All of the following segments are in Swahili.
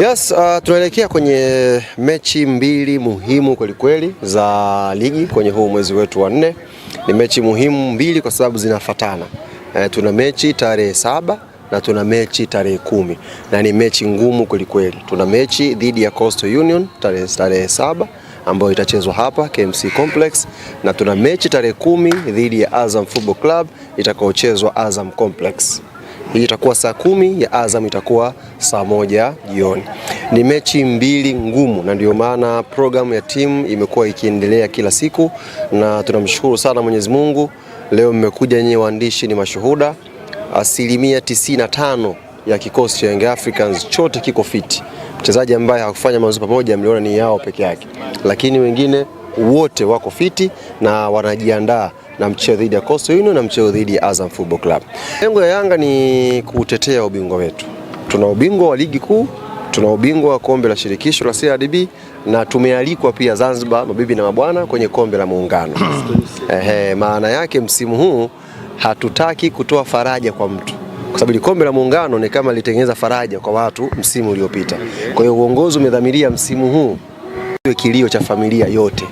Yes, uh, tunaelekea kwenye mechi mbili muhimu kwelikweli za ligi kwenye huu mwezi wetu wa nne. Ni mechi muhimu mbili kwa sababu zinafatana. Uh, tuna mechi tarehe saba na tuna mechi tarehe kumi na ni mechi ngumu kwelikweli. Tuna mechi dhidi ya Coastal Union tarehe tarehe saba ambayo itachezwa hapa KMC Complex na tuna mechi tarehe kumi dhidi ya Azam Football Club itakaochezwa Azam Complex hii itakuwa saa kumi ya Azam itakuwa saa moja jioni. Ni mechi mbili ngumu, na ndio maana programu ya timu imekuwa ikiendelea kila siku, na tunamshukuru sana Mwenyezi Mungu. Leo mmekuja nyinyi waandishi, ni mashuhuda. Asilimia 95 ya kikosi cha Young Africans chote kiko fiti. Mchezaji ambaye hakufanya mazoezi pamoja mliona ni yao peke yake, lakini wengine wote wako fiti na wanajiandaa na mchezo dhidi ya Coastal Union na mchezo dhidi ya Azam Football Club. Lengo ya Yanga ni kutetea ubingwa wetu. Tuna ubingwa wa ligi kuu, tuna ubingwa wa kombe la shirikisho la CRDB na tumealikwa pia Zanzibar, mabibi na mabwana, kwenye kombe la Muungano. Ehe, maana yake msimu huu hatutaki kutoa faraja kwa mtu kwa sababu kombe la Muungano ni kama lilitengeneza faraja kwa watu msimu uliopita. Kwa hiyo uongozi umedhamiria msimu huu iwe kilio cha familia yote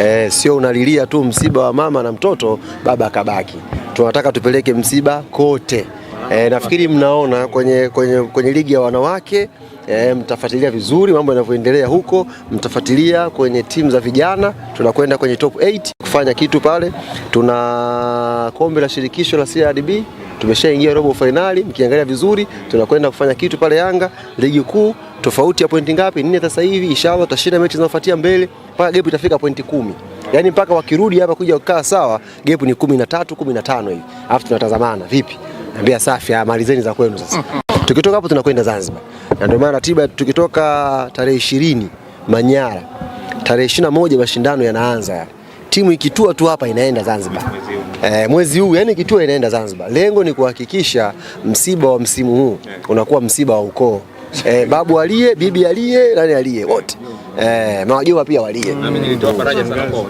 e, sio unalilia tu msiba wa mama na mtoto, baba kabaki Tunataka tupeleke msiba kote. E, nafikiri mnaona kwenye, kwenye, kwenye ligi ya wanawake e, mtafuatilia vizuri mambo yanavyoendelea huko, mtafuatilia kwenye timu za vijana, tunakwenda kwenye top 8 kufanya kitu pale. Tuna kombe la shirikisho la CRDB tumeshaingia robo fainali, mkiangalia vizuri tunakwenda kufanya kitu pale Yanga, ligi kuu tofauti ya pointi ngapi? Nne sasa hivi, inshallah tutashinda mechi zinazofuatia mbele mpaka gap itafika pointi kumi. Yaani mpaka wakirudi hapa kuja kukaa sawa, gap ni 13 15 hivi. Alafu tunatazamana vipi? Naambia safi, malizeni za kwenu sasa. Tukitoka hapo tunakwenda Zanzibar. Na ndio maana ratiba tukitoka tarehe ishirini Manyara, tarehe ishirini na moja mashindano yanaanza ya. Timu ikitua tu hapa inaenda Zanzibar. E, mwezi huu yani ikitua inaenda Zanzibar. Lengo ni kuhakikisha msiba wa msimu huu unakuwa msiba wa ukoo eh, babu aliye, bibi aliye, nani aliye, wote eh, mawajomba pia walie. Mimi nilitoa faraja sana kwa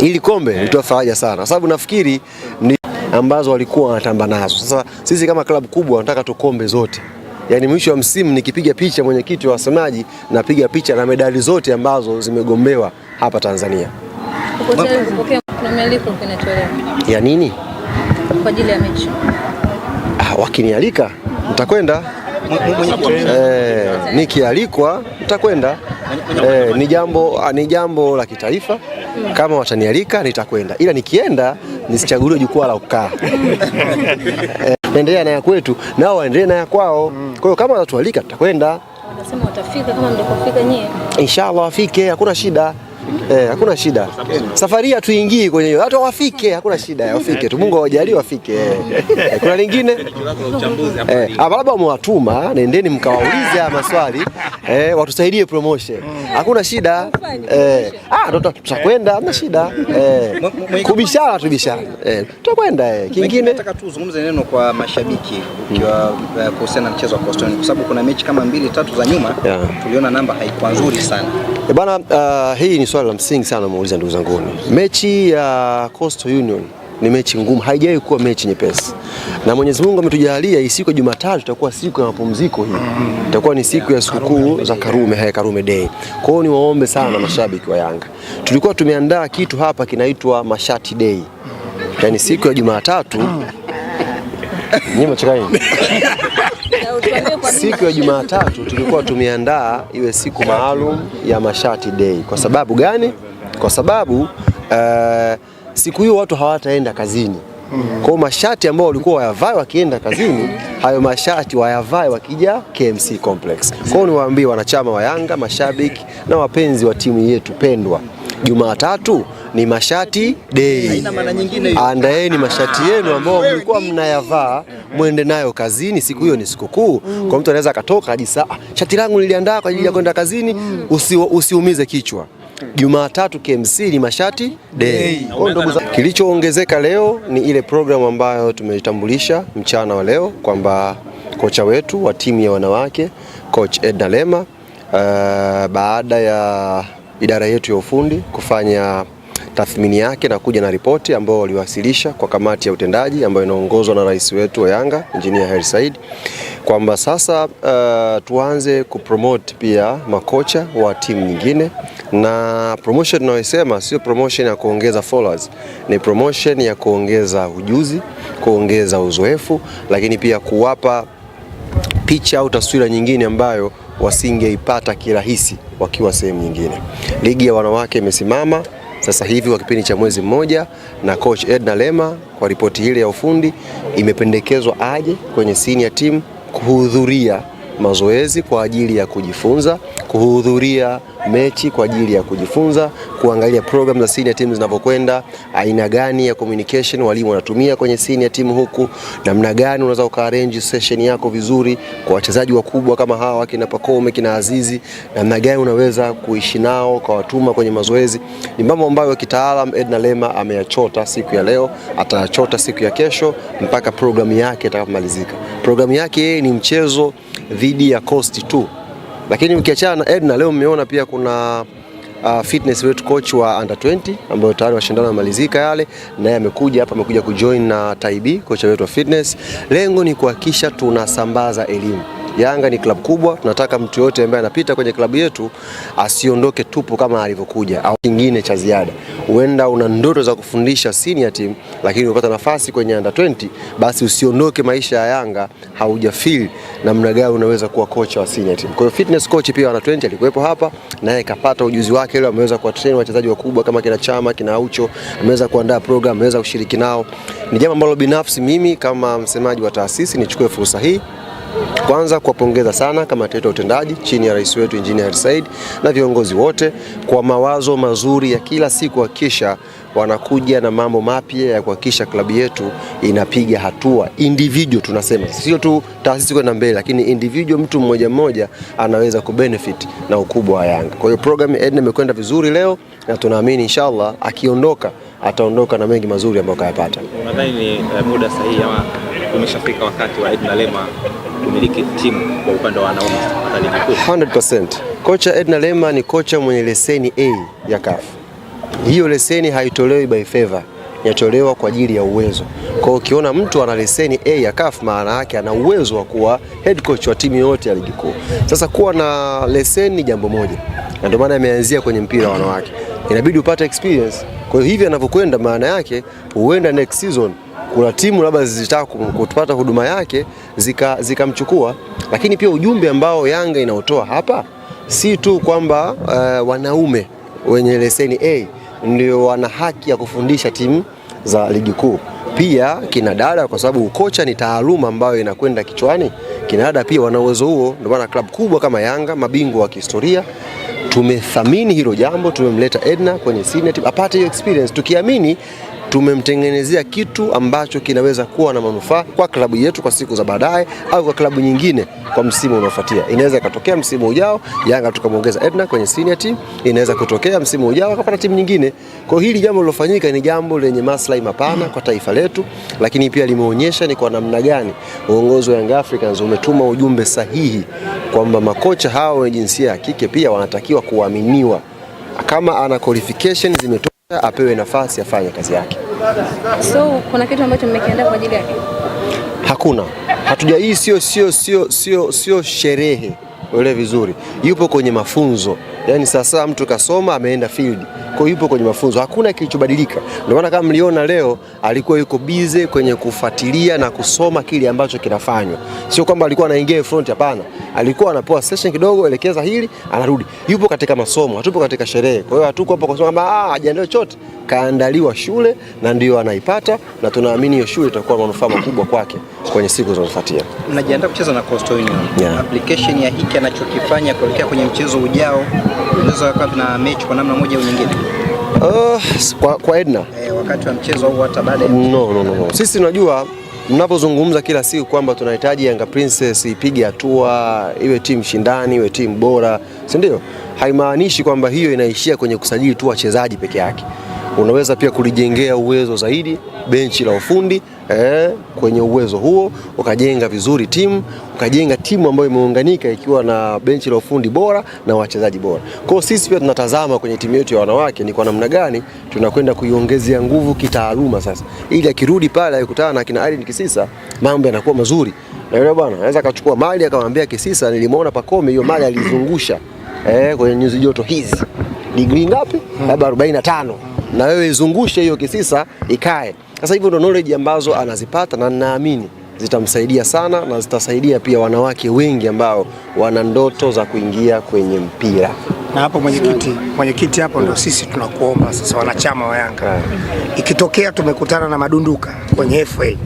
ili kombe nilitoa faraja sana kwa sababu nafikiri ni ambazo walikuwa wanatamba nazo. Sasa sisi kama klabu kubwa tunataka tukombe zote Yaani mwisho wa msimu nikipiga picha mwenyekiti wa wasemaji, napiga picha na medali zote ambazo zimegombewa hapa Tanzania. Ya nini? Kwa ajili ya mechi. Ah, wakinialika nitakwenda. Eh, nikialikwa nitakwenda. Eh, ni jambo ah, ni jambo la kitaifa. Kama watanialika nitakwenda, ila nikienda nisichaguliwe jukwaa la kukaa eh, endelea na ya kwetu nao waendelee na ya kwao. Kwa hiyo kama watatualika tutakwenda. watafika kama nyie. Inshallah wafike, hakuna shida. Eh, hakuna shida. Safari hii hatuingii kwenye hiyo. Hata wafike, hakuna shida. Wafike tu. Mungu awajalie wafike. Eh, eh, kuna lingine? Eh, hapa labda mwatuma, nendeni mkawaulize haya maswali. Eh, watusaidie promotion. Hakuna shida. Eh, ah, tutakwenda, hamna shida. Eh, kubishana tu bishana. Eh, tutakwenda eh. Kingine nataka tu uzungumze neno kwa mashabiki ukiwa eh, kuhusiana na mchezo wa Coastal kwa sababu kuna mechi kama mbili tatu za nyuma tuliona namba haikuwa nzuri sana. E bana, uh, hii ni swali la msingi sana muuliza ndugu zanguni. Mechi ya uh, Coastal Union ni mechi ngumu, haijawahi kuwa mechi nyepesi, na Mwenyezi Mungu ametujalia hii siku ya Jumatatu itakuwa siku ya mapumziko, hii itakuwa ni siku ya sikukuu za Karume, haya Karume Day. Kwa hiyo niwaombe sana mashabiki wa Yanga, tulikuwa tumeandaa kitu hapa kinaitwa Mashati Day, yaani siku ya Jumatatu Siku ya Jumatatu tulikuwa tumeandaa iwe siku maalum ya mashati day. Kwa sababu gani? Kwa sababu uh, siku hiyo watu hawataenda kazini kwa mashati ambao walikuwa wayavae wakienda kazini, hayo mashati wayavae wakija KMC Complex. Kwa hiyo niwaambie wanachama wa Yanga, mashabiki na wapenzi wa timu yetu pendwa, Jumatatu ni mashati day, andaeni mashati yenu ambao mlikuwa mnayavaa Eh. mwende nayo kazini. Siku hiyo ni sikukuu, mm. kwa mtu anaweza akatoka ajisa, ah, shati langu niliandaa kwa ajili ya mm. kwenda kazini. Mm. Usi, usiumize kichwa. Jumatatu KMC ni mashati day. Kilichoongezeka leo ni ile programu ambayo tumeitambulisha mchana wa leo kwamba kocha wetu wa timu ya wanawake coach Edna Lema uh, baada ya idara yetu ya ufundi kufanya tathmini yake na kuja na ripoti ambayo waliwasilisha kwa kamati ya utendaji ambayo inaongozwa na rais wetu wa Yanga Engineer Hersi Said kwamba sasa uh, tuanze kupromote pia makocha wa timu nyingine, na promotion tunayosema sio promotion ya kuongeza followers, ni promotion ya kuongeza ujuzi, kuongeza uzoefu, lakini pia kuwapa picha au taswira nyingine ambayo wasingeipata kirahisi wakiwa sehemu nyingine. Ligi ya wanawake imesimama sasa hivi kwa kipindi cha mwezi mmoja, na coach Edna Lema kwa ripoti ile ya ufundi imependekezwa aje kwenye senior team kuhudhuria mazoezi kwa ajili ya kujifunza, kuhudhuria mechi kwa ajili ya kujifunza, kuangalia program za senior team zinavyokwenda, aina gani ya communication walimu wanatumia kwenye senior team huku, namna gani unaweza ukaarrange session yako vizuri kwa wachezaji wakubwa kama hawa kina Pakome, kina Azizi, namna gani unaweza kuishi nao kwa watuma kwenye mazoezi. Ni mambo ambayo kitaalam Edna Lema ameyachota siku ya leo, atayachota siku ya kesho mpaka program yake itakapomalizika. Program yake yeye ni mchezo dhidi ya cost tu, lakini ukiachana na Edna, leo mmeona pia kuna Uh, fitness wetu coach wa under 20 ambayo tayari mashindano yamemalizika yale, naye amekuja hapa, amekuja kujoin na uh, Taibi, kocha wetu wa fitness. Lengo ni kuhakikisha tunasambaza elimu Yanga ni klabu kubwa, tunataka mtu yote ambaye anapita kwenye klabu yetu asiondoke tupu kama alivyokuja, au kingine cha ziada. Huenda una ndoto za kufundisha senior team, lakini umepata nafasi kwenye under 20, basi usiondoke. Maisha ya Yanga haujafeel namna gani unaweza kuwa kocha wa senior team. Kwa hiyo fitness coach pia wa under 20 alikuwepo hapa, naye kapata ujuzi wake ile, ameweza kuwa train wachezaji wakubwa kama kina Chama, kina Aucho, ameweza kuandaa program, ameweza kushiriki nao. Ni jambo ambalo binafsi mimi kama msemaji wa taasisi nichukue fursa hii kwanza kuwapongeza sana kamati yetu ya utendaji chini ya rais wetu Engineer Hersi Said na viongozi wote kwa mawazo mazuri ya kila siku kuhakikisha wanakuja na mambo mapya ya kuhakikisha klabu yetu inapiga hatua individual. Tunasema sio tu taasisi kwenda mbele, lakini individual, mtu mmoja mmoja anaweza kubenefit na ukubwa wa Yanga. Kwa hiyo program Edna imekwenda vizuri leo na tunaamini inshallah akiondoka ataondoka na mengi mazuri ambayo kayapata. Unadhani ni eh, muda sahihi ama umeshafika wakati wa Edna Lema kumiliki timu kwa upande wa wanaume hata ligi kuu? 100%. Kocha Edna Lema ni kocha mwenye leseni A ya CAF. Hiyo leseni haitolewi by favor, inatolewa kwa ajili ya uwezo. Kwa hiyo ukiona mtu ana leseni A ya CAF, maana yake ana uwezo wa kuwa head coach wa timu yoyote ya ligi kuu. Sasa kuwa na leseni jambo moja, na ndio maana imeanzia kwenye mpira wa wanawake, inabidi upate experience. Kwa hiyo hivi anavyokwenda, maana yake huenda next season kuna timu labda zilitaka kutupata huduma yake zikamchukua zika, lakini pia ujumbe ambao Yanga inaotoa hapa si tu kwamba uh, wanaume wenye leseni A ndio wana haki ya kufundisha timu za ligi kuu pia kina dada, kwa sababu ukocha ni taaluma ambayo inakwenda kichwani. Kina dada pia wana uwezo huo, ndio maana klabu kubwa kama Yanga, mabingwa wa kihistoria, tumethamini hilo jambo, tumemleta Edna kwenye senior team apate hiyo experience, tukiamini tumemtengenezea kitu ambacho kinaweza kuwa na manufaa kwa klabu yetu kwa siku za baadaye, au kwa klabu nyingine kwa msimu unaofuatia. Inaweza ikatokea msimu ujao Yanga tukamwongeza Edna kwenye senior team, inaweza kutokea msimu ujao akapata timu nyingine. Kwa hili jambo lilofanyika ni jambo lenye maslahi mapana kwa taifa letu, lakini pia limeonyesha ni kwa namna gani uongozi wa Young Africans umetuma ujumbe sahihi kwamba makocha hao wenye jinsia ya kike pia wanatakiwa kuaminiwa. Kama ana qualification zimetosha, apewe nafasi afanye kazi yake. So kuna kitu ambacho mmekiandaa kwa ajili yake? Hakuna, hatuja. Hii sio sio sio sio sherehe, uelewe vizuri, yupo kwenye mafunzo yani sasa mtu kasoma ameenda field kwa yupo kwenye mafunzo, hakuna kilichobadilika. Ndio maana kama mliona leo alikuwa yuko bize kwenye kufuatilia na kusoma kile ambacho kinafanywa, sio kwamba alikuwa anaingia front, hapana. Alikuwa anapoa session kidogo, elekeza hili, anarudi. Yupo katika masomo, hatupo katika sherehe. Kwa hiyo hatuko hapo kusema kwamba ah, hajaendea chochote, kaandaliwa shule na ndio anaipata, na tunaamini hiyo shule itakuwa manufaa makubwa kwake kwenye siku zinazofuatia. Mnajiandaa kucheza na Coastal Union. Yeah. Application ya hiki anachokifanya kuelekea kwenye mchezo ujao unaweza kuwa na mechi kwa namna moja au nyingine? Uh, kwa, kwa Edna eh, wakati wa mchezo au hata baada ya no, no, no, no. Sisi tunajua mnapozungumza kila siku kwamba tunahitaji Yanga Princess ipige hatua iwe timu shindani iwe timu bora, si ndio? Haimaanishi kwamba hiyo inaishia kwenye kusajili tu wachezaji peke yake. Unaweza pia kulijengea uwezo zaidi benchi la ufundi eh, kwenye uwezo huo ukajenga vizuri timu ukajenga timu ambayo imeunganika ikiwa na benchi la ufundi bora na wachezaji bora. Kwa hiyo sisi pia tunatazama kwenye timu yetu ya wanawake ni kwa namna gani tunakwenda kuiongezea nguvu kitaaluma sasa, ili akirudi pale akutana na kina Irene Kisisa mambo yanakuwa mazuri, na yule bwana anaweza akachukua mali akamwambia Kisisa, nilimuona Pakome hiyo mali alizungusha eh, kwenye nyuzi joto hizi digrii ngapi, labda 45 na wewe izungushe hiyo Kisisa ikae sasa hivyo ndo knowledge ambazo anazipata na ninaamini zitamsaidia sana na zitasaidia pia wanawake wengi ambao wana ndoto za kuingia kwenye mpira. Na hapo mwenyekiti, mwenyekiti hapo ndo sisi tunakuomba sasa, wanachama wa Yanga yeah. Ikitokea tumekutana na madunduka kwenye FA yeah.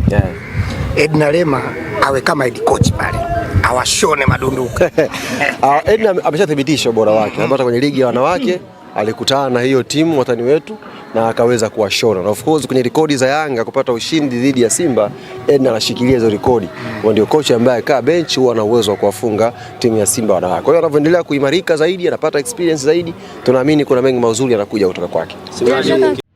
Edna Lema awe kama head coach pale awashone madunduka. Ah, Edna ameshathibitisha ubora wake mm-hmm. hata kwenye ligi ya wanawake mm-hmm. alikutana na hiyo timu watani wetu na akaweza kuwashona na of course kwenye rekodi za Yanga kupata ushindi dhidi ya Simba, Edna anashikilia hizo rekodi, ndio kocha ambaye kaa bench huwa ana uwezo wa kuwafunga timu ya Simba wanawake. Kwa hiyo anavyoendelea kuimarika zaidi, anapata experience zaidi, tunaamini kuna mengi mazuri yanakuja kutoka kwake.